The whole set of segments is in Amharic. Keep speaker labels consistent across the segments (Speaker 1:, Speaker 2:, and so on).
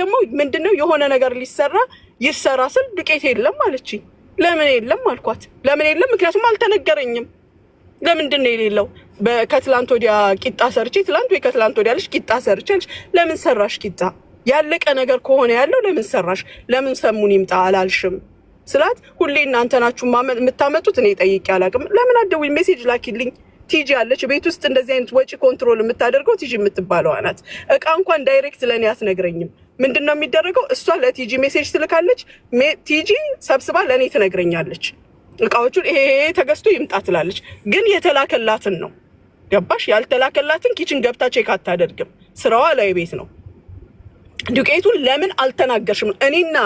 Speaker 1: ደግሞ ምንድነው የሆነ ነገር ሊሰራ ይሰራ ስል ዱቄት የለም አለችኝ። ለምን የለም አልኳት። ለምን የለም ምክንያቱም አልተነገረኝም። ለምንድን ነው የሌለው? ከትላንት ወዲያ ቂጣ ሰርቼ ትላንት ወይ ከትላንት ወዲያ አለች ቂጣ ሰርቼ አለች። ለምን ሰራሽ ቂጣ? ያለቀ ነገር ከሆነ ያለው ለምን ሰራሽ? ለምን ሰሙን ይምጣ አላልሽም ስላት ሁሌ እናንተ ናችሁ የምታመጡት፣ እኔ ጠይቄ አላውቅም። ለምን አትደውይም? ሜሴጅ ላኪልኝ። ቲጂ አለች ቤት ውስጥ እንደዚህ አይነት ወጪ ኮንትሮል የምታደርገው ቲጂ የምትባለዋ ናት። እቃ እንኳን ዳይሬክት ለእኔ አትነግረኝም። ምንድን ነው የሚደረገው? እሷ ለቲጂ ሜሴጅ ትልካለች። ቲጂ ሰብስባ ለእኔ ትነግረኛለች። እቃዎቹን ይሄ ተገዝቶ ይምጣ ትላለች። ግን የተላከላትን ነው ገባሽ? ያልተላከላትን ኪችን ገብታ ቼክ አታደርግም። ስራዋ ላይ ቤት ነው። ዱቄቱን ለምን አልተናገርሽም? እኔና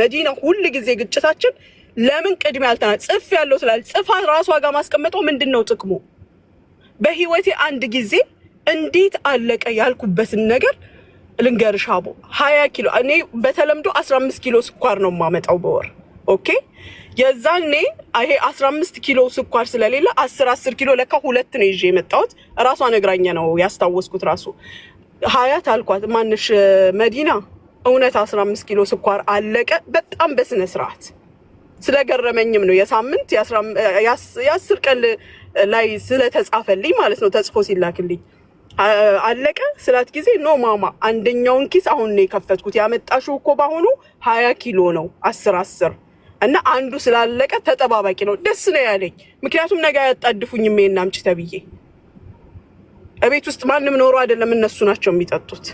Speaker 1: መዲና ሁል ጊዜ ግጭታችን ለምን ቅድሚያ አልተና ጽፍ ያለው ስላለች ጽፋ ራሷ ጋር ማስቀመጠው ምንድን ነው ጥቅሙ? በህይወቴ አንድ ጊዜ እንዴት አለቀ ያልኩበትን ነገር ልንገርሽ አቦ ሀያ ኪሎ እኔ በተለምዶ አስራ አምስት ኪሎ ስኳር ነው የማመጣው በወር ኦኬ። የዛኔ ይሄ አስራ አምስት ኪሎ ስኳር ስለሌለ አስር አስር ኪሎ ለካ ሁለት ነው ይዤ የመጣሁት። እራሷ ነግራኛ ነው ያስታወስኩት። ራሱ ሀያት አልኳት ማንሽ መዲና እውነት አስራ አምስት ኪሎ ስኳር አለቀ። በጣም በስነ ስርዓት ስለገረመኝም ነው የሳምንት የአስር ቀን ላይ ስለተጻፈልኝ ማለት ነው ተጽፎ ሲላክልኝ አለቀ ስላት ጊዜ ኖ ማማ አንደኛውን ኪስ አሁን ነው የከፈትኩት። ያመጣሽው እኮ በአሁኑ ሀያ ኪሎ ነው አስር አስር እና አንዱ ስላለቀ ተጠባባቂ ነው። ደስ ነው ያለኝ ምክንያቱም ነገ አያጣድፉኝም ይሄን አምጪ ተብዬ። እቤት ውስጥ ማንም ኖሮ አይደለም እነሱ ናቸው የሚጠጡት።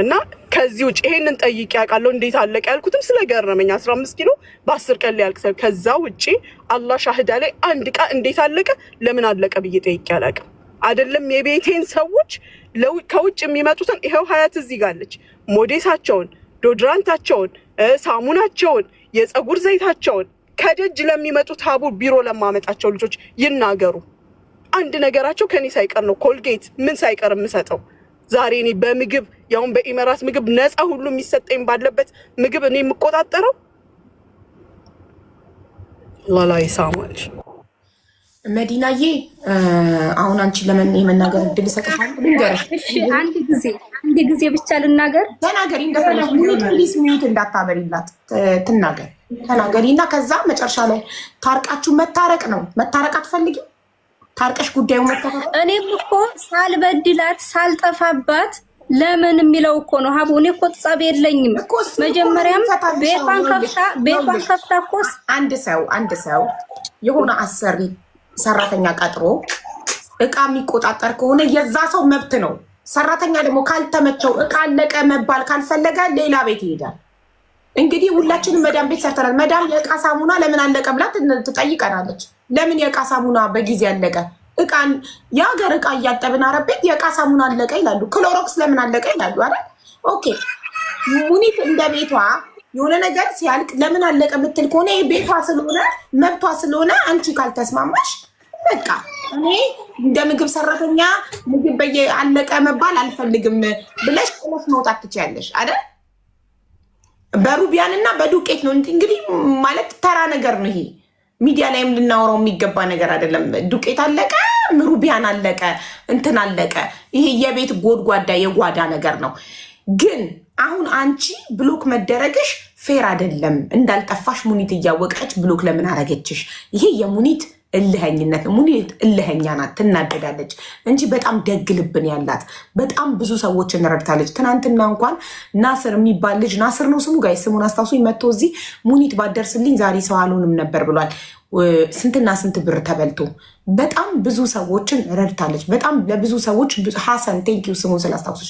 Speaker 1: እና ከዚህ ውጭ ይሄንን ጠይቄ ያውቃለሁ። እንዴት አለቀ ያልኩትም ስለገረመኝ አስራ አምስት ኪሎ በአስር ቀን ሊያልቅ ከዛ ውጭ አላህ ሻህዳ ላይ አንድ ቃ እንዴት አለቀ ለምን አለቀ ብዬ ጠይቄ አላውቅም። አይደለም የቤቴን ሰዎች ከውጭ የሚመጡትን ይኸው ሀያት እዚህ ጋለች ሞዴሳቸውን፣ ዶድራንታቸውን፣ ሳሙናቸውን፣ የፀጉር ዘይታቸውን ከደጅ ለሚመጡት ታቡ ቢሮ ለማመጣቸው ልጆች ይናገሩ። አንድ ነገራቸው ከኔ ሳይቀር ነው። ኮልጌት ምን ሳይቀር የምሰጠው ዛሬ እኔ በምግብ ያሁን በኢመራት ምግብ ነፃ ሁሉ የሚሰጠኝ ባለበት ምግብ እኔ የምቆጣጠረው ላላይ ሳማች
Speaker 2: መዲናዬ አሁን አንቺ ለምን የመናገር እድል እሰጥሻለሁ። ልንገርሽ
Speaker 3: አንድ ጊዜ አንድ ጊዜ ብቻ ልናገር።
Speaker 2: ተናገሪ እንደፈለግ ፕሊስ፣ ሚዩት እንዳታበሪላት ትናገር። ተናገሪ እና ከዛ መጨረሻ ላይ ታርቃችሁ መታረቅ ነው። መታረቅ አትፈልጊ? ታርቀሽ ጉዳዩ መታረቅ።
Speaker 3: እኔም እኮ ሳልበድላት ሳልጠፋባት ለምን የሚለው እኮ ነው ሀቡ። እኔ እኮ ጸብ የለኝም። መጀመሪያም ቤቷን ከፍታ ቤቷን ከፍታ እኮ
Speaker 2: አንድ ሰው አንድ ሰው የሆነ አሰሪ ሰራተኛ ቀጥሮ እቃ የሚቆጣጠር ከሆነ የዛ ሰው መብት ነው። ሰራተኛ ደግሞ ካልተመቸው እቃ አለቀ መባል ካልፈለገ ሌላ ቤት ይሄዳል። እንግዲህ ሁላችንም መዳም ቤት ሰርተናል። መዳም የእቃ ሳሙና ለምን አለቀ ብላ ትጠይቀናለች። ለምን የእቃ ሳሙና በጊዜ አለቀ? እቃን የሀገር እቃ እያጠብን አረብ ቤት የእቃ ሳሙና አለቀ ይላሉ። ክሎሮክስ ለምን አለቀ ይላሉ። ኦኬ ሙኒት እንደ ቤቷ የሆነ ነገር ሲያልቅ ለምን አለቀ ምትል ከሆነ ይሄ ቤቷ ስለሆነ መብቷ ስለሆነ አንቺ ካልተስማማሽ በቃ እኔ እንደ ምግብ ሰራተኛ ምግብ በየ አለቀ መባል አልፈልግም ብለሽ ጥለሽ መውጣት ትችያለሽ አይደል? በሩቢያን እና በዱቄት ነው እንግዲህ ማለት ተራ ነገር ነው ይሄ። ሚዲያ ላይም ልናወራው የሚገባ ነገር አይደለም። ዱቄት አለቀ፣ ሩቢያን አለቀ፣ እንትን አለቀ። ይሄ የቤት ጎድጓዳ የጓዳ ነገር ነው ግን አሁን አንቺ ብሎክ መደረግሽ ፌር አይደለም። እንዳልጠፋሽ ሙኒት እያወቀች ብሎክ ለምን አረገችሽ? ይሄ የሙኒት እልኸኝነት። ሙኒት እልኸኛ ናት፣ ትናደዳለች እንጂ በጣም ደግ ልብን ያላት በጣም ብዙ ሰዎችን ረድታለች። ትናንትና እንኳን ናስር የሚባል ልጅ ናስር ነው ስሙ፣ ጋይ ስሙን አስታውሱኝ፣ መጥቶ እዚህ ሙኒት ባደርስልኝ ዛሬ ሰው አልሆንም ነበር ብሏል። ስንትና ስንት ብር ተበልቶ በጣም ብዙ ሰዎችን ረድታለች። በጣም ለብዙ ሰዎች ሀሰን ቴንኪው ስሙን ስላስታውሶች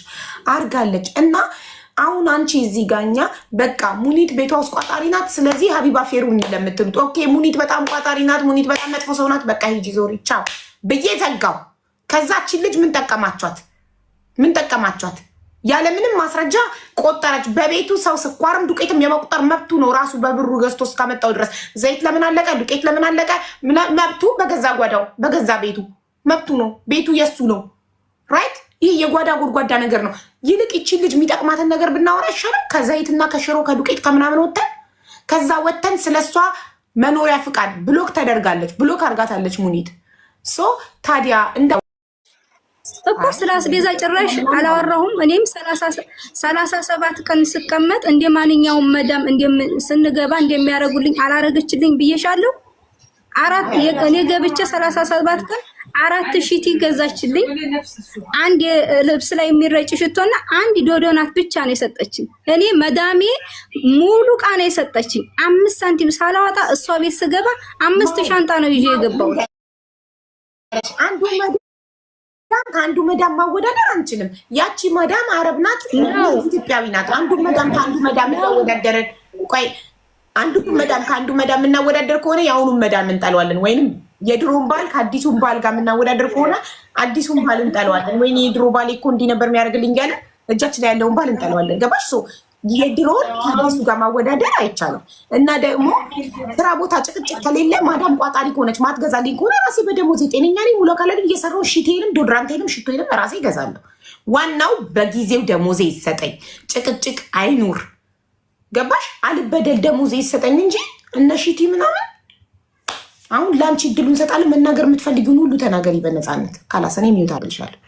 Speaker 2: አርጋለች እና አሁን አንቺ እዚህ ጋኛ በቃ ሙኒት ቤቷ ውስጥ ቋጣሪ ናት። ስለዚህ ሀቢባ ፌሩን ለምትምጡ ኦኬ፣ ሙኒት በጣም ቋጣሪ ናት፣ ሙኒት በጣም መጥፎ ሰው ናት፣ በቃ ሂጂ ዞሪ ቻው ብዬ ዘጋው። ከዛችን ልጅ ምን ጠቀማቸት? ምን ጠቀማቸት? ያለምንም ማስረጃ ቆጠረች። በቤቱ ሰው ስኳርም ዱቄትም የመቁጠር መብቱ ነው። ራሱ በብሩ ገዝቶ እስካመጣው ድረስ ዘይት ለምን አለቀ፣ ዱቄት ለምን አለቀ፣ መብቱ በገዛ ጓዳው በገዛ ቤቱ መብቱ ነው። ቤቱ የሱ ነው ራይት ይህ የጓዳ ጎድጓዳ ነገር ነው። ይልቅ ይችን ልጅ የሚጠቅማትን ነገር ብናወራ ይሻላል። ከዘይትና ከሽሮ ከዱቄት ከምናምን ወተን ከዛ ወተን ስለሷ መኖሪያ ፍቃድ ብሎክ ተደርጋለች፣ ብሎክ አርጋታለች ሙኒት ሶ ታዲያ እንደ
Speaker 3: እኮ ስለ አስቤዛ ጭራሽ አላወራሁም። እኔም ሰላሳ ሰባት ቀን ስቀመጥ እንደ ማንኛውም መዳም ስንገባ እንደሚያደርጉልኝ አላረገችልኝ ብዬሻለሁ። አራት የኔ ገብቼ ሰላሳ ሰባት ቀን አራት ሺቲ ገዛችልኝ። አንድ ልብስ ላይ የሚረጭ ሽቶና አንድ ዶዶናት ብቻ ነው የሰጠችኝ። እኔ መዳሜ ሙሉ ዕቃ ነው የሰጠችኝ። አምስት ሳንቲም ሳላወጣ እሷ ቤት ስገባ አምስት ሻንጣ ነው ይዤ የገባሁት።
Speaker 2: አንዱ መዳም ከአንዱ መዳም ማወዳደር አንችልም። ያቺ መዳም አረብ ናት፣ ኢትዮጵያዊ ናት። አንዱ መዳም ከአንዱ መዳም እናወዳደርን። ቆይ አንዱ መዳም ከአንዱ መዳም እናወዳደር ከሆነ የአሁኑን መዳም እንጠለዋለን ወይንም የድሮን ባል ከአዲሱን ባል ጋር የምናወዳደር ከሆነ አዲሱን ባል እንጠለዋለን። ወይ የድሮ ባል እኮ እንዲህ ነበር የሚያደርግልኝ ያለ እጃችን ላይ ያለውን ባል እንጠለዋለን። ገባሽ? ሶ የድሮን ከአዲሱ ጋር ማወዳደር አይቻልም። እና ደግሞ ስራ ቦታ ጭቅጭቅ ከሌለ ማዳም ቋጣሪ ከሆነች ማትገዛልኝ ከሆነ ራሴ በደሞዝ ጤነኛ ሙሉ ካለ እየሰራው ሽቴንም ዶድራንቴንም ሽቶንም ራሴ ገዛለሁ። ዋናው በጊዜው ደሞዜ ይሰጠኝ፣ ጭቅጭቅ አይኑር። ገባሽ? አልበደል ደሞዜ ይሰጠኝ እንጂ እነ ሽቲ ምናምን አሁን ለአንቺ እድሉ እንሰጣለን። መናገር የምትፈልጊውን ሁሉ ተናገሪ በነፃነት። ካላሰኔ ሚዩት አድርሻለሁ።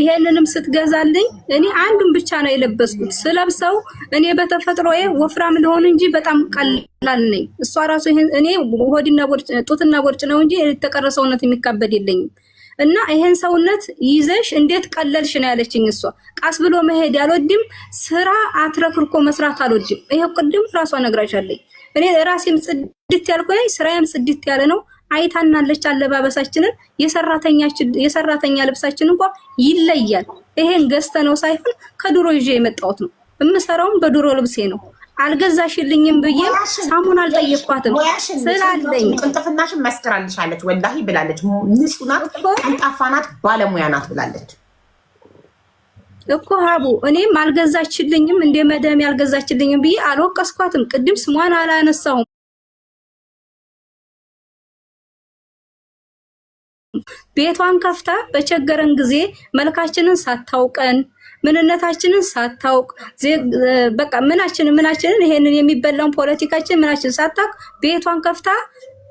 Speaker 3: ይሄንንም ስትገዛልኝ እኔ አንዱን ብቻ ነው የለበስኩት። ስለብሰው እኔ በተፈጥሮ ወፍራም ልሆን እንጂ በጣም ቀላል ነኝ። እሷ ራሱ እኔ ሆድና ቦርጭ ጡትና ቦርጭ ነው እንጂ የተቀረ ሰውነት የሚካበድ የለኝም። እና ይሄን ሰውነት ይዘሽ እንዴት ቀለልሽ ነው ያለችኝ። እሷ ቃስ ብሎ መሄድ አልወድም፣ ስራ አትረክርኮ መስራት አልወድም። ይሄ ቅድም ራሷ ነግራሻለኝ። እኔ ራሴም ጽድት ያልኩ ነኝ፣ ስራዬም ጽድት ያለ ነው። አይታናለች አለባበሳችንን። የሰራተኛ ልብሳችን እንኳ ይለያል። ይሄን ገዝተ ነው ሳይሆን ከድሮ ይዤ የመጣሁት ነው። የምሰራውም በድሮ ልብሴ ነው። አልገዛሽልኝም ብዬ ሳሙን አልጠየኳትም ስላለኝ
Speaker 2: ቅንጥፍናሽን መስክራልሻለች። ወላሂ ብላለች። ንጹህ ናት፣ ቀልጣፋ ናት፣ ባለሙያ ናት ብላለች።
Speaker 3: እኮ ሀቡ እኔም አልገዛችልኝም እንደ መደም ያልገዛችልኝም ብዬ አልወቀስኳትም። ቅድም ስሟን አላነሳውም። ቤቷን ከፍታ በቸገረን ጊዜ መልካችንን ሳታውቀን ምንነታችንን ሳታውቅ በቃ ምናችንን ምናችንን ይሄንን የሚበላውን ፖለቲካችን ምናችን ሳታውቅ ቤቷን ከፍታ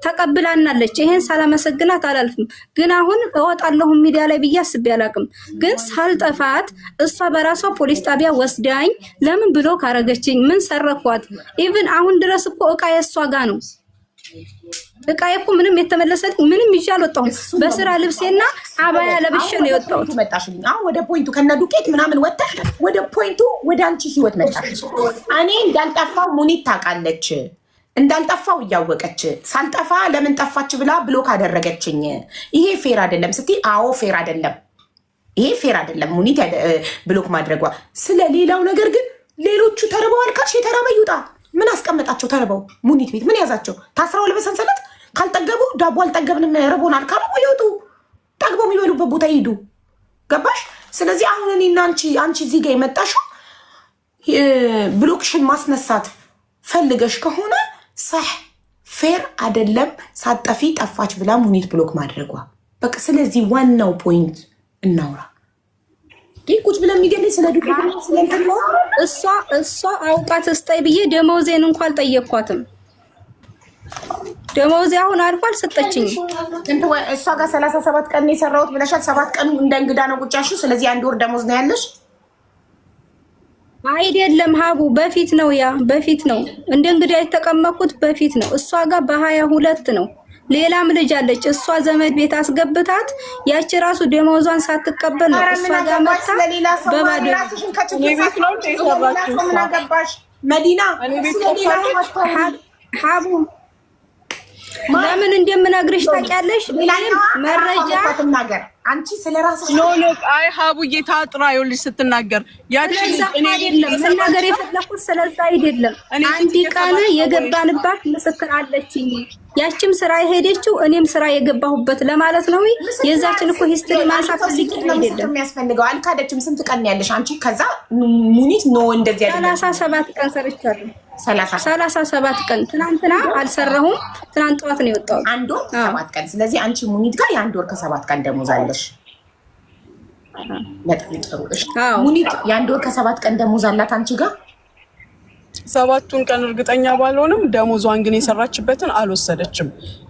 Speaker 3: ተቀብላናለች። ይሄን ሳላመሰግናት አላልፍም። ግን አሁን እወጣለሁ ሚዲያ ላይ ብዬ አስቤ አላቅም። ግን ሳልጠፋት እሷ በራሷ ፖሊስ ጣቢያ ወስዳኝ ለምን ብሎ ካረገችኝ ምን ሰረኳት? ኢቭን አሁን ድረስ እኮ እቃ የእሷ ጋ ነው። እቃ እኮ ምንም የተመለሰልኝ ምንም ይዤ አልወጣሁም። በስራ ልብሴና አባያ ለብሼ ነው የወጣሁት።
Speaker 2: መጣሽልኝ። አሁን ወደ ፖይንቱ ከነ ዱቄት ምናምን ወጥተሽ ወደ ፖይንቱ ወደ አንቺ ህይወት መጣሽ። እኔ እንዳልጠፋው ሙኒት ታውቃለች። እንዳልጠፋው እያወቀች ሳልጠፋ ለምን ጠፋች ብላ ብሎክ አደረገችኝ። ይሄ ፌር አይደለም ስትይ፣ አዎ ፌር አይደለም፣ ይሄ ፌር አይደለም ሙኒት ብሎክ ማድረጓ። ስለሌላው ነገር ግን ሌሎቹ ተርበው አልካሽ፣ የተራበ ይውጣ። ምን አስቀመጣቸው? ተርበው ሙኒት ቤት ምን ያዛቸው? ታስረዋል ለበሰንሰለት ካልጠገቡ ዳቦ አልጠገብንም ርቦናል ካሉ ይወጡ፣ ጠግቦ የሚበሉበት ቦታ ይሄዱ። ገባሽ? ስለዚህ አሁን እኔና አንቺ አንቺ እዚህ የመጣሽው ብሎክሽን ማስነሳት ፈልገሽ ከሆነ ሳህ ፌር አይደለም ሳጠፊ ጠፋች ብላ ሙኒት ብሎክ ማድረጓ በቃ። ስለዚህ ዋናው ፖይንት እናውራ።
Speaker 3: ቁጭ ብለን የሚገለኝ ስለ እሷ እሷ አውቃት ስጠይ ብዬ ደመወዜን እንኳ አልጠየኳትም። ደመወዜ አሁን አልፎ አልሰጠችኝ።
Speaker 2: እሷ ጋር ሰላሳ ሰባት ቀን የሰራሁት ብለሻል። ሰባት ቀኑ እንደ እንግዳ ነው ቁጫሹ። ስለዚህ አንድ ወር ደመወዝ ነው ያለሽ
Speaker 3: አይደለም ሀቡ በፊት ነው ያ በፊት ነው እንደ እንግዲህ የተቀመጥኩት በፊት ነው። እሷ ጋር በሀያ ሁለት ነው። ሌላም ልጅ አለች እሷ ዘመድ ቤት አስገብታት ያቺ ራሱ ደመወዟን ሳትቀበል ነው እሷ ጋር መታ በባዶ ሀቡ ለምን እንደምነግርሽ ታውቂያለሽ መረጃ
Speaker 2: አንቺ ስለ ራስሽ
Speaker 1: ኖ ኖ አይ ሀቡዬ ታጥራ ይኸውልሽ ስትናገር
Speaker 3: ያቺ እኔ አይደለም መናገር የፈለኩት ስለዛ አይደለም። አንድ ቀን የገባንባት ምስክር አለችኝ። ያችም ስራ የሄደችው እኔም ስራ የገባሁበት ለማለት ነው። የዛችን እኮ ሂስትሪ ማንሳት
Speaker 2: ፈልጌ አይደለም። የሚያስፈልገው አልካደችም። ስንት ቀን ያለሽ አንቺ? ከዛ ሙኒት ኖ እንደዚህ
Speaker 3: ያለ ሰላሳ ሰባት ቀን ሰርቻለሁ። ሰላሳ ሰባት ቀን ትናንትና አልሰራሁም። ትናንት ጠዋት ነው የወጣው
Speaker 2: አንድ ወር ሰባት ቀን። ስለዚህ አንቺ ሙኒት ጋር የአንድ ወር ከሰባት ቀን ደሞዝ አለሽ። በጣም ጥሩ። ሙኒት የአንድ ወር ከሰባት ቀን ደሞዝ አላት አንቺ ጋር
Speaker 1: ሰባቱን ቀን እርግጠኛ ባልሆንም ደሞዟን ግን የሰራችበትን አልወሰደችም።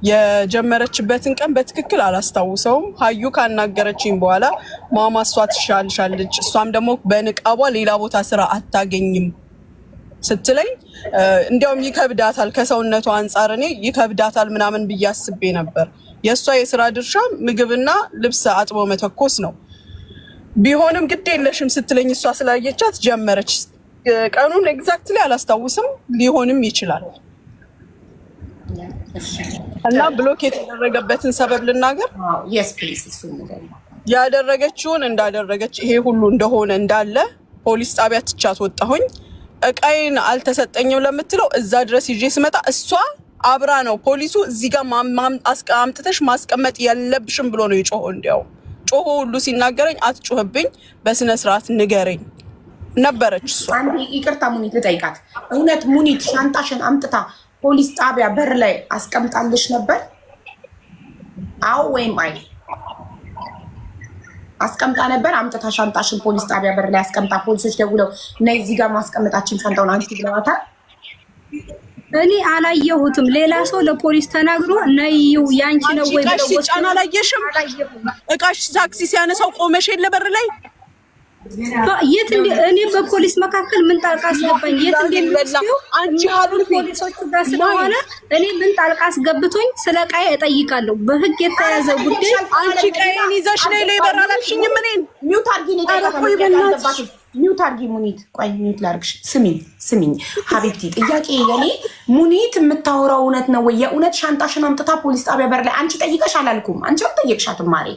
Speaker 1: የጀመረችበትን ቀን በትክክል አላስታውሰውም። ሀዩ ካናገረችኝ በኋላ ማማ እሷ ትሻልሻለች፣ እሷም ደግሞ በንቃቧ ሌላ ቦታ ስራ አታገኝም ስትለኝ እንዲያውም ይከብዳታል፣ ከሰውነቷ አንጻር እኔ ይከብዳታል ምናምን ብዬ አስቤ ነበር። የእሷ የስራ ድርሻ ምግብና ልብስ አጥቦ መተኮስ ነው። ቢሆንም ግድ የለሽም ስትለኝ እሷ ስላየቻት ጀመረች። ቀኑን ኤግዛክትሊ አላስታውስም፣ ሊሆንም ይችላል እና ብሎክ የተደረገበትን ሰበብ ልናገር። ያደረገችውን እንዳደረገች ይሄ ሁሉ እንደሆነ እንዳለ ፖሊስ ጣቢያ ትቻት ወጣሁኝ። እቃይን አልተሰጠኝም ለምትለው እዛ ድረስ ይዤ ስመጣ እሷ አብራ ነው ፖሊሱ እዚህ ጋር አምጥተሽ ማስቀመጥ ያለብሽም ብሎ ነው የጮሆ እንዲያው ጮሆ ሁሉ ሲናገረኝ አትጮህብኝ፣ በስነ ስርዓት ንገረኝ ነበረች። እሷ
Speaker 2: ይቅርታ ሙኒት ልጠይቃት። እውነት ሙኒት ሻንጣሽን አምጥታ ፖሊስ ጣቢያ በር ላይ አስቀምጣልሽ ነበር? አዎ ወይም አይ? አስቀምጣ ነበር። አምጥታ ሻንጣሽን ፖሊስ ጣቢያ በር ላይ አስቀምጣ ፖሊሶች ደውለው ነይ እዚህ ጋር ማስቀመጣችን ሻንጣውን አንቺ ብለዋታል?
Speaker 3: እኔ አላየሁትም። ሌላ ሰው ለፖሊስ ተናግሮ ነይ ያንቺ
Speaker 1: ነው ወይ ብለው ሲጫን አላየሽም? እቃሽ ታክሲ ሲያነሳው ቆመሽ የለ በር ላይ
Speaker 3: የት እኔ በፖሊስ መካከል ምን ጣልቃ አስገባኝ? የት
Speaker 1: እንደሚወስደው
Speaker 3: አንቺ ሀሉን ፖሊሶቹ ጋር ስለሆነ እኔ ምን ጣልቃ አስገብቶኝ ስለ ቃይ እጠይቃለሁ። በህግ የተያዘ ጉዳይ
Speaker 1: አንቺ ቃይን ይዘሽ ነው ላይ በራላሽኝ ምን ሚውት አርጊኝ ታይታ
Speaker 2: ኒውት አድርጊ ሙኒት። ቆይ ኒውት ላርግሽ። ስሚኝ ስሚኝ ሀቢብቲ ጥያቄ የኔ ሙኒት የምታወራው እውነት ነው ወይ? የእውነት ሻንጣሽን አምጥታ ፖሊስ ጣቢያ በር ላይ አንቺ ጠይቀሽ አላልኩም። አንቺ አልጠየቅሻትም። ማሬ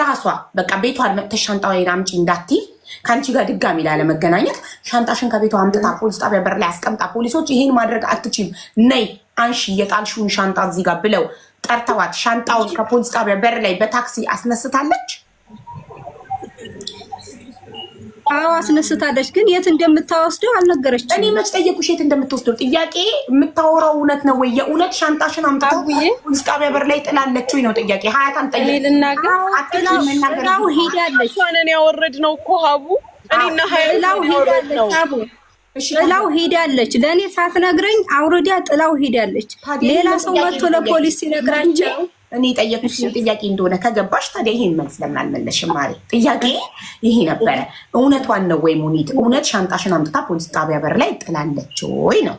Speaker 2: ራሷ በቃ ቤቷን መጥተሽ ሻንጣዋን አምጪ እንዳቲ ከአንቺ ጋር ድጋሚ ላለመገናኘት ሻንጣሽን ከቤቷ አምጥታ ፖሊስ ጣቢያ በር ላይ አስቀምጣ ፖሊሶች ይሄን ማድረግ አትችም፣ ነይ አንሺ የጣልሽውን ሻንጣ እዚህ ጋር ብለው ጠርተዋት ሻንጣውን ከፖሊስ ጣቢያ በር ላይ በታክሲ አስነስታለች።
Speaker 3: አዎ አስነስታለች፣ ግን የት እንደምታወስደው አልነገረችም።
Speaker 2: እኔ መች ጠየቁሽ የት እንደምትወስደው? ጥያቄ የምታወራው እውነት ነው ወይ? የእውነት ሻንጣሽን አምጥታ ፖሊስ ጣቢያ በር ላይ ጥላለች ወይ ነው ጥያቄ። ሀያት
Speaker 3: አልጠየቅናው ሄዳለች።
Speaker 1: ሆነን ያወረድ ነው እኮ ሀቡ እኔና
Speaker 3: ሀያላው ሄዳለች ሀቡ ጥላው ሄዳለች። ለእኔ ሳትነግረኝ አውርዳ ጥላው ሄዳለች። ሌላ ሰው መጥቶ ለፖሊስ ሲነግራቸው
Speaker 2: እኔ የጠየኩሽ ጥያቄ እንደሆነ ከገባሽ ታዲያ ይሄን መልስ ለምን አልመለስሽም? ማለት ጥያቄ ይሄ ነበረ። እውነቷን ነው ወይ ሙኒት? እውነት ሻንጣሽን አምጥታ ፖሊስ ጣቢያ በር ላይ ጥላለች ወይ ነው?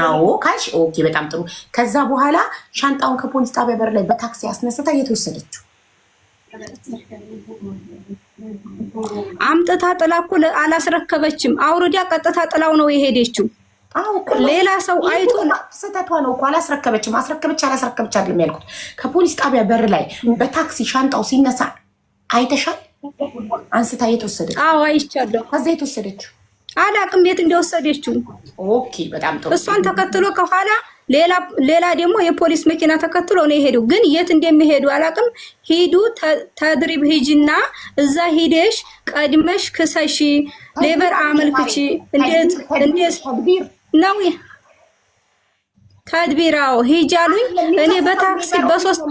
Speaker 2: አዎ ካልሽ ኦኬ፣ በጣም ጥሩ። ከዛ በኋላ ሻንጣውን ከፖሊስ ጣቢያ በር ላይ በታክሲ አስነስታ እየተወሰደችው
Speaker 3: አምጥታ ጥላ እኮ አላስረከበችም። አውርዳ ቀጥታ ጥላው ነው የሄደችው። ሌላ ሰው አይቶ
Speaker 2: ስህተቷ ነው እኮ አላስረከበችም። አስረከበች አላስረከበች አይደለም ያልኩት። ከፖሊስ ጣቢያ በር ላይ በታክሲ ሻንጣው ሲነሳ አይተሻል? አንስታ የተወሰደች?
Speaker 3: አዎ አይቻለሁ።
Speaker 2: ከዛ የተወሰደችው
Speaker 3: አላቅም የት እንደወሰደችው።
Speaker 2: ኦኬ በጣም ጥሩ።
Speaker 3: እሷን ተከትሎ ከኋላ ሌላ ሌላ ደግሞ የፖሊስ መኪና ተከትሎ ነው የሄዱ። ግን የት እንደሚሄዱ አላቅም። ሂዱ ተድሪብ ሂጅና እዛ ሂደሽ ቀድመሽ ክሰሺ፣ ሌበር አመልክቺ እንዴት እንዴት ነው ተድቢራው ሂጅ አሉኝ። እኔ በታክሲ በሶስት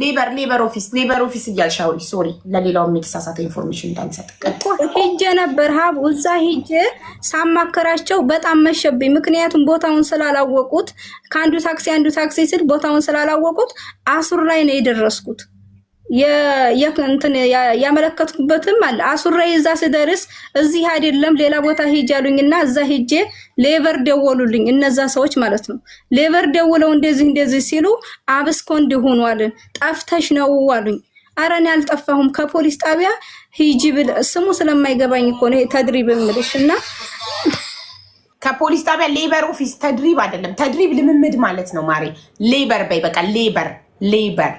Speaker 2: ሌበር ሌበር ኦፊስ ሌበር ኦፊስ እያልሽ አሁን ሶሪ፣ ለሌላው የተሳሳተ ኢንፎርሜሽን እንዳንሰጥ
Speaker 3: ሂጄ ነበር ሀብ እዛ ሂጄ ሳማከራቸው በጣም መሸብኝ፣ ምክንያቱም ቦታውን ስላላወቁት ከአንዱ ታክሲ አንዱ ታክሲ ስል ቦታውን ስላላወቁት አሱር ላይ ነው የደረስኩት። የእንትን ያመለከትኩበትም አለ አሱራ እዛ ስደርስ እዚህ አይደለም ሌላ ቦታ ሂጅ እና እዛ ሂጄ ሌቨር ደወሉልኝ። እነዛ ሰዎች ማለት ነው። ሌቨር ደውለው እንደዚህ እንደዚህ ሲሉ አብስኮ እንዲሆኑ ሆኗል፣ ጠፍተሽ ነው አሉኝ። ኧረ እኔ አልጠፋሁም ከፖሊስ ጣቢያ ሂጂ ብል ስሙ ስለማይገባኝ እኮ ነው ተድሪብ የምልሽ እና
Speaker 2: ከፖሊስ ጣቢያ ሌበር ኦፊስ ተድሪብ አይደለም። ተድሪብ ልምምድ ማለት ነው ማሬ። ሌበር በይ በቃ ሌበር ሌበር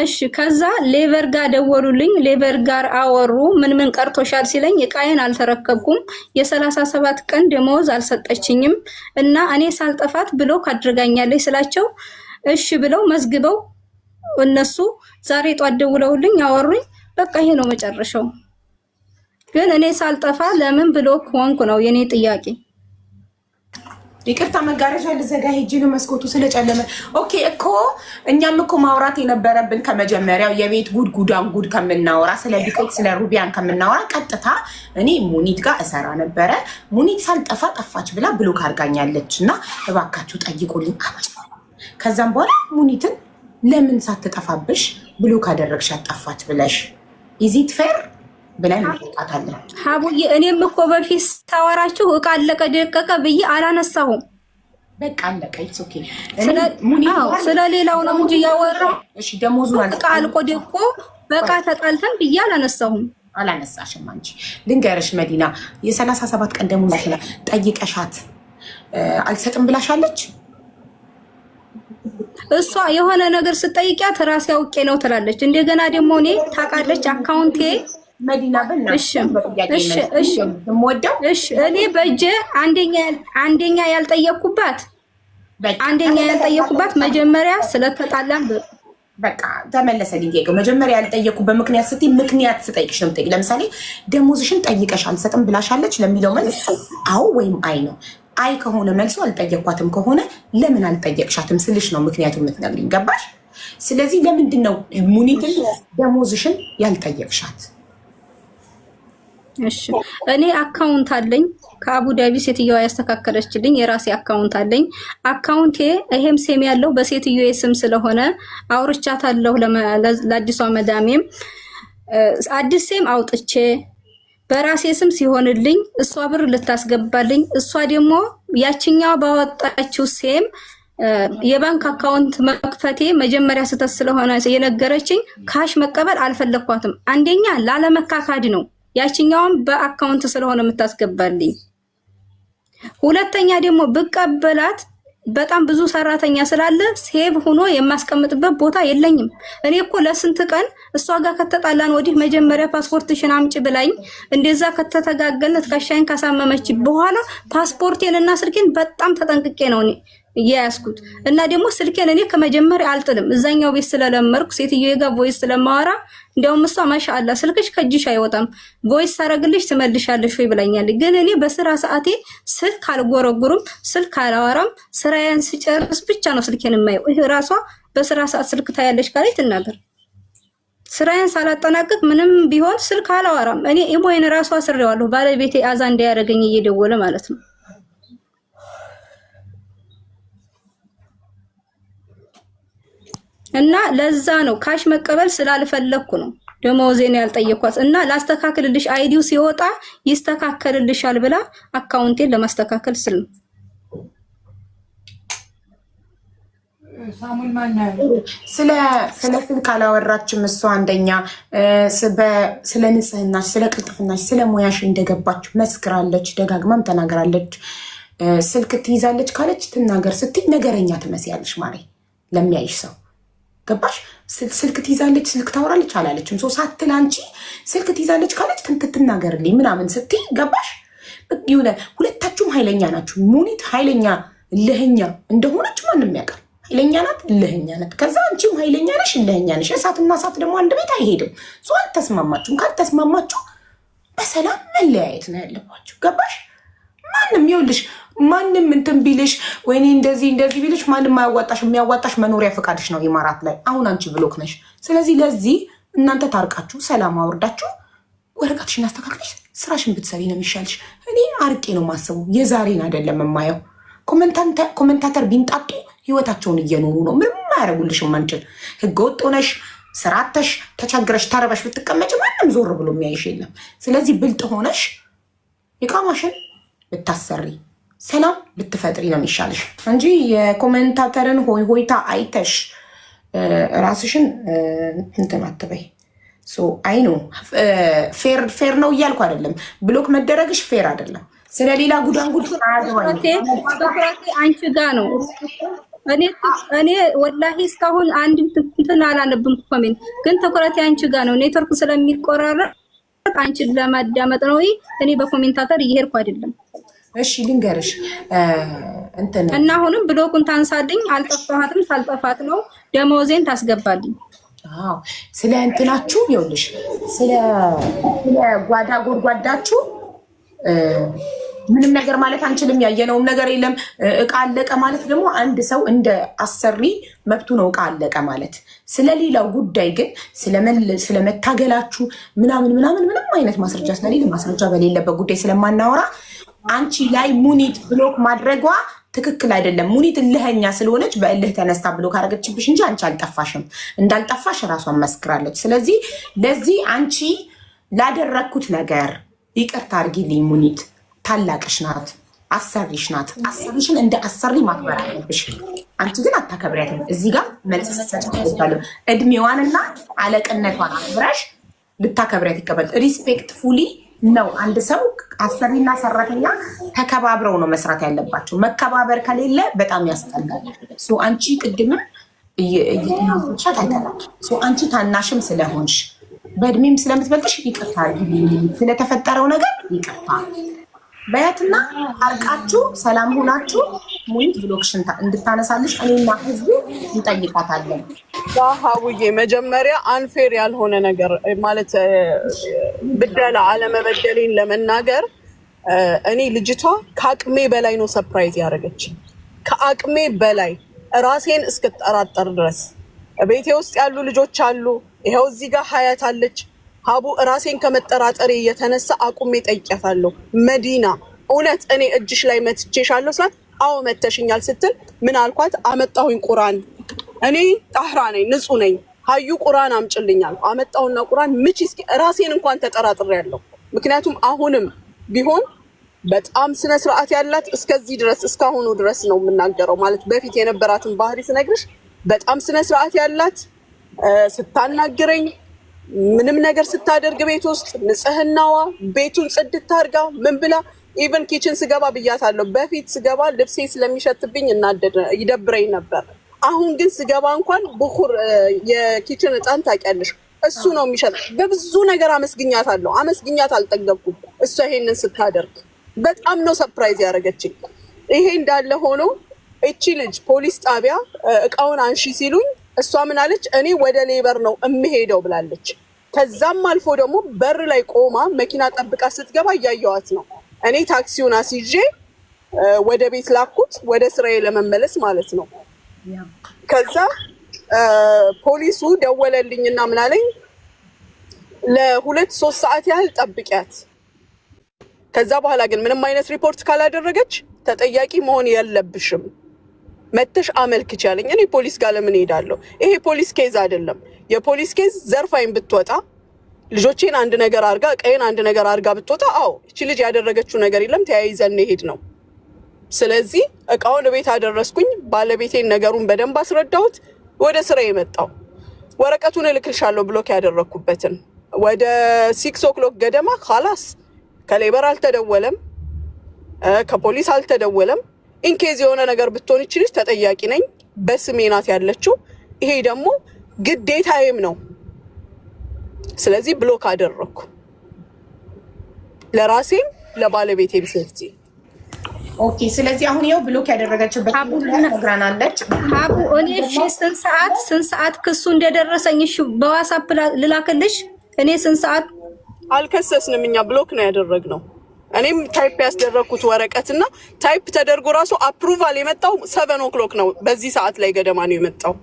Speaker 3: እሺ ከዛ ሌቨር ጋር ደወሉልኝ። ሌቨር ጋር አወሩ። ምን ምን ቀርቶሻል ሲለኝ እቃዬን አልተረከብኩም፣ የሰላሳ ሰባት ቀን ደመወዝ አልሰጠችኝም እና እኔ ሳልጠፋት ብሎክ አድርጋኛለች ስላቸው እሺ ብለው መዝግበው እነሱ ዛሬ ጧት ደውለውልኝ አወሩኝ። በቃ ይሄ ነው መጨረሻው። ግን እኔ ሳልጠፋ ለምን ብሎክ ሆንኩ ነው የኔ ጥያቄ።
Speaker 2: ይቅርታ መጋረጃ ልዘጋ ሄጄ ነው መስኮቱ ስለጨለመ። ኦኬ እኮ እኛም እኮ ማውራት የነበረብን ከመጀመሪያው የቤት ጉድ ጉዳን ጉድ ከምናወራ ስለ ቢቆት ስለ ሩቢያን ከምናወራ ቀጥታ እኔ ሙኒት ጋር እሰራ ነበረ። ሙኒት ሳልጠፋ ጠፋች ብላ ብሎክ አድርጋኛለች እና እባካችሁ ጠይቁልኝ። ከዛም በኋላ ሙኒትን ለምን ሳትጠፋብሽ ብሎክ አደረግሽ አጠፋች ብለሽ ኢዚት ፌር ብለን እንጠይቃታለን።
Speaker 3: ሀቡዬ እኔም እኮ በፊት ስታወራችሁ እቃ አለቀ ደቀቀ ብዬ አላነሳሁም። በቃ አለቀ። ስለሌላው ነው እንጂ ያወራው እቃ አልቆ ደቆ በቃ ተጣልተን ብዬ አላነሳሁም።
Speaker 2: አላነሳሽም። አንቺ ልንገርሽ መዲና የሰላሳ ሰባት ቀን ደሞዝሽን ጠይቀሻት አልሰጥም ብላሻለች።
Speaker 3: እሷ የሆነ ነገር ስጠይቂያት ራሴ አውቄ ነው ትላለች። እንደገና ደግሞ እኔ ታውቃለች አካውንቴ መዲና በናወደው እኔ በእጄ አንደኛ ያልጠየኩባት አንደኛ ያልጠየኩባት መጀመሪያ ስለተጣላን
Speaker 2: በቃ ተመለሰ ሊጠየቀው መጀመሪያ ያልጠየኩበት ምክንያት ስትይ ምክንያት ስጠይቅሽ ነው የምጠይቅ። ለምሳሌ ደሞዝሽን ጠይቀሽ አልሰጥም ብላሻለች ለሚለው መልስ አዎ ወይም አይ ነው። አይ ከሆነ መልሶ አልጠየኳትም ከሆነ ለምን አልጠየቅሻትም ስልሽ ነው ምክንያቱ የምትነግሪኝ። ገባሽ? ስለዚህ ለምንድን ነው ሙኒትን ደሞዝሽን ያልጠየቅሻት?
Speaker 3: እሺ እኔ አካውንት አለኝ ዳቢ ሴትዮዋ ያስተካከለችልኝ የራሴ አካውንት አለኝ። አካውንቴ ይሄም ሴም ያለው በሴትዮዋ ስም ስለሆነ አውርቻታለሁ። ለአዲሷ መዳሜም አዲስ ሴም አውጥቼ በራሴ ስም ሲሆንልኝ እሷ ብር ልታስገባልኝ፣ እሷ ደግሞ ያችኛዋ ባወጣችው ሴም የባንክ አካውንት መክፈቴ መጀመሪያ ስህተት ስለሆነ የነገረችኝ ካሽ መቀበል አልፈለኳትም። አንደኛ ላለመካካድ ነው ያችኛውን በአካውንት ስለሆነ የምታስገባልኝ። ሁለተኛ ደግሞ ብቀበላት በጣም ብዙ ሰራተኛ ስላለ ሴቭ ሆኖ የማስቀምጥበት ቦታ የለኝም። እኔ እኮ ለስንት ቀን እሷ ጋር ከተጣላን ወዲህ መጀመሪያ ፓስፖርትሽን አምጪ ብላኝ እንደዛ ከተተጋገልን ትከሻይን ካሳመመች በኋላ ፓስፖርቴን እና ስልኬን በጣም ተጠንቅቄ ነው እኔ እየያዝኩት እና ደግሞ ስልኬን እኔ ከመጀመሪያ አልጥልም። እዛኛው ቤት ስለለመርኩ ሴትዮ ጋር ቮይስ ስለማወራ እንዲያውም እሷ ማሻአላ ስልክሽ ከእጅሽ አይወጣም ቮይስ ሳረግልሽ ትመልሻለሽ ወይ ብላኛል። ግን እኔ በስራ ሰዓቴ ስልክ አልጎረጉርም፣ ስልክ አላወራም። ስራዬን ስጨርስ ብቻ ነው ስልኬን የማየው። ይህ ራሷ በስራ ሰዓት ስልክ ታያለሽ ካለች ትናገር። ስራዬን ሳላጠናቅቅ ምንም ቢሆን ስልክ አላወራም። እኔ ኢሞዬን ራሷ ስሬዋለሁ። ባለቤቴ አዛ እንዳያደርገኝ እየደወለ ማለት ነው እና ለዛ ነው ካሽ መቀበል ስላልፈለግኩ ነው ዜና ያልጠየኳት እና ላስተካክልልሽ፣ አይዲው ሲወጣ ይስተካከልልሻል ብላ አካውንቴን ለማስተካከል ስል ነው።
Speaker 2: ሳሙን ማን ስለ ስለ ስልክ አላወራችም። እሱ አንደኛ ስለ ንጽህናሽ፣ ስለ ቅልጥፍናሽ፣ ስለ ሙያሽ እንደገባች መስክራለች፣ ደጋግማም ተናግራለች። ስልክ ትይዛለች ካለች ትናገር ስትይ ነገረኛ ትመስያለች። ማለት ለሚያይሽ ሰው ገባሽ? ስልክ ትይዛለች፣ ስልክ ታወራለች አላለችም። ሰው ሳትል አንቺ ስልክ ትይዛለች ካለች ትናገርልኝ ምናምን ስትይ ገባሽ? ሆነ ሁለታችሁም ኃይለኛ ናችሁ። ሙኒት ኃይለኛ ልህኛ እንደሆነች ማንም ያውቃል። ኃይለኛ ናት፣ ልህኛ ናት። ከዛ አንቺም ኃይለኛ ነሽ፣ ልህኛ ነሽ። እሳትና እሳት ደግሞ አንድ ቤት አይሄድም። ሰው አልተስማማችሁም። ካልተስማማችሁ በሰላም መለያየት ነው ያለባችሁ። ገባሽ? ማንም ይኸውልሽ፣ ማንም እንትን ቢልሽ ወይኔ እንደዚህ እንደዚህ ቢልሽ ማንም አያዋጣሽ። የሚያዋጣሽ መኖሪያ ፈቃድሽ ነው ኢማራት ላይ። አሁን አንቺ ብሎክ ነሽ። ስለዚህ ለዚህ እናንተ ታርቃችሁ ሰላም አውርዳችሁ ወረቀትሽን አስተካክለሽ ስራሽን ብትሰሪ ነው የሚሻልሽ። እኔ አርቄ ነው ማስበው፣ የዛሬን አይደለም የማየው። ኮመንታተር ቢንጣጡ ህይወታቸውን እየኖሩ ነው። ምንም አያደርጉልሽም። አንቺን ህገ ወጥ ሆነሽ ስራተሽ ተቸግረሽ ተረበሽ ብትቀመጭ ማንም ዞር ብሎ የሚያይሽ የለም። ስለዚህ ብልጥ ሆነሽ የቃማሽን ብታሰሪ ሰላም ብትፈጥሪ ነው የሚሻልሽ እንጂ የኮመንታተርን ሆይ ሆይታ አይተሽ ራስሽን እንትን አትበይ። አይ ነው ፌር ነው እያልኩ አይደለም። ብሎክ መደረግሽ ፌር አይደለም። ስለ ሌላ ጉዳንጉድ
Speaker 3: አንቺ ጋ ነው። እኔ ወላሂ እስካሁን አንድ እንትን አላነብም። ኮሜንት ግን ትኩረቴ አንቺ ጋ ነው። ኔትወርክ ስለሚቆራረጥ አንቺን ለማዳመጥ ነው። እኔ በኮሜንታተር እየሄድኩ አይደለም።
Speaker 2: እሺ ልንገርሽ
Speaker 3: እንትን እና አሁንም ብሎኩን ታንሳልኝ። አልጠፋሃትም ሳልጠፋት ነው ደሞዜን ታስገባልኝ።
Speaker 2: አዎ ስለ እንትናችሁ ይኸውልሽ፣ ስለ ጓዳ ጎድጓዳችሁ ምንም ነገር ማለት አንችልም። ያየነውም ነገር የለም። እቃ አለቀ ማለት ደግሞ አንድ ሰው እንደ አሰሪ መብቱ ነው እቃ አለቀ ማለት። ስለሌላው ጉዳይ ግን ስለመታገላችሁ ምናምን ምናምን ምንም አይነት ማስረጃ ስለሌለ ማስረጃ በሌለበት ጉዳይ ስለማናወራ አንቺ ላይ ሙኒት ብሎክ ማድረጓ ትክክል አይደለም። ሙኒት እልህኛ ስለሆነች በእልህ ተነስታ ብሎክ አደረገችብሽ እንጂ አንቺ አልጠፋሽም። እንዳልጠፋሽ ራሷን መስክራለች። ስለዚህ ለዚህ አንቺ ላደረግኩት ነገር ይቅርታ አድርጊልኝ። ሙኒት ታላቅሽ ናት፣ አሰሪሽ ናት። አሰሪሽን እንደ አሰሪ ማክበር አለብሽ። አንቺ ግን አታከብሪያትም። እዚህ ጋር መልስ ሰጭ እድሜዋንና አለቅነቷን አክብረሽ ልታከብሪያት ይገባል። ሪስፔክትፉሊ ነው። አንድ ሰው አሰሪና ሰራተኛ ተከባብረው ነው መስራት ያለባቸው። መከባበር ከሌለ በጣም ያስጠላል። አንቺ ቅድምም አንቺ ታናሽም ስለሆንሽ በእድሜም ስለምትበልጥሽ ይቅርታ ስለተፈጠረው ነገር ይቅርታ በያትና አርቃችሁ ሰላም ሆናችሁ ሙኒት ብሎክሽን እንድታነሳልሽ እኔና ህዝቡ እንጠይቃታለን።
Speaker 1: ሀውዬ መጀመሪያ አንፌር ያልሆነ ነገር ማለት ብደላ አለመበደሌን ለመናገር እኔ ልጅቷ ከአቅሜ በላይ ነው ሰፕራይዝ ያደረገች። ከአቅሜ በላይ ራሴን እስክጠራጠር ድረስ ቤቴ ውስጥ ያሉ ልጆች አሉ። ይኸው እዚህ ጋር ሀያት አለች። ሀቡ ራሴን ከመጠራጠሪ የተነሳ አቁሜ ጠይቂያታለሁ። መዲና እውነት እኔ እጅሽ ላይ መትቼሻለሁ ስላት አዎ መተሽኛል ስትል ምን አልኳት? አመጣሁኝ ቁራን እኔ ጣህራ ነኝ፣ ንጹህ ነኝ ሀዩ ቁራን አምጭልኛል። አመጣውና ቁራን ምች እስኪ ራሴን እንኳን ተጠራጥሬ ያለው ምክንያቱም አሁንም ቢሆን በጣም ስነ ስርዓት ያላት እስከዚህ ድረስ እስካሁኑ ድረስ ነው የምናገረው። ማለት በፊት የነበራትን ባህሪ ስነግርሽ በጣም ስነ ስርዓት ያላት ስታናግረኝ፣ ምንም ነገር ስታደርግ ቤት ውስጥ ንጽህናዋ፣ ቤቱን ጽድት አድርጋ ምን ብላ ኢቨን ኪችን ስገባ ብያታለሁ። በፊት ስገባ ልብሴ ስለሚሸትብኝ ይደብረኝ ነበር አሁን ግን ስገባ እንኳን ብኩር የኪችን እጣን ታውቂያለሽ፣ እሱ ነው የሚሸጥ። በብዙ ነገር አመስግኛት አለው አመስግኛት አልጠገብኩም። እሷ ይሄንን ስታደርግ በጣም ነው ሰፕራይዝ ያደረገችኝ። ይሄ እንዳለ ሆኖ እቺ ልጅ ፖሊስ ጣቢያ እቃውን አንሺ ሲሉኝ እሷ ምን አለች? እኔ ወደ ሌበር ነው የምሄደው ብላለች። ከዛም አልፎ ደግሞ በር ላይ ቆማ መኪና ጠብቃ ስትገባ እያየዋት ነው። እኔ ታክሲውን አስይዤ ወደ ቤት ላኩት፣ ወደ ስራዬ ለመመለስ ማለት ነው። ከዛ ፖሊሱ ደወለልኝና ምናለኝ ለሁለት ሶስት ሰዓት ያህል ጠብቂያት፣ ከዛ በኋላ ግን ምንም አይነት ሪፖርት ካላደረገች ተጠያቂ መሆን የለብሽም መተሽ አመልክች ያለኝ። እኔ ፖሊስ ጋር ለምን ሄዳለሁ? ይሄ ፖሊስ ኬዝ አይደለም። የፖሊስ ኬዝ ዘርፋይን ብትወጣ ልጆቼን አንድ ነገር አርጋ ቀይን አንድ ነገር አርጋ ብትወጣ፣ አዎ እቺ ልጅ ያደረገችው ነገር የለም ተያይዘን ሄድ ነው ስለዚህ እቃውን ቤት አደረስኩኝ። ባለቤቴን ነገሩን በደንብ አስረዳሁት። ወደ ስራ የመጣው ወረቀቱን እልክልሻለሁ ብሎክ ያደረግኩበትን ወደ ሲክስ ኦክሎክ ገደማ ካላስ ከሌበር አልተደወለም፣ ከፖሊስ አልተደወለም። ኢንኬዝ የሆነ ነገር ብትሆን ይች ተጠያቂ ነኝ በስሜ ናት ያለችው። ይሄ ደግሞ ግዴታዬም ነው። ስለዚህ ብሎክ አደረግኩ ለራሴም ለባለቤቴም ሴፍቲ
Speaker 2: ኦኬ። ስለዚህ አሁን ይኸው ብሎክ ያደረገችበት
Speaker 3: ነግራናለች። አቡ እኔ እሺ፣ ስንት ሰዓት ስንት ሰዓት ክሱ እንደደረሰኝ እሺ፣ በዋትስአፕ ልላክልሽ። እኔ ስንት ሰዓት
Speaker 1: አልከሰስንም፣ እኛ ብሎክ ነው ያደረግነው። እኔም ታይፕ ያስደረግኩት ወረቀት እና ታይፕ ተደርጎ ራሱ አፕሩቫል የመጣው ሰቨን ኦክሎክ ነው። በዚህ ሰዓት ላይ ገደማ ነው የመጣው።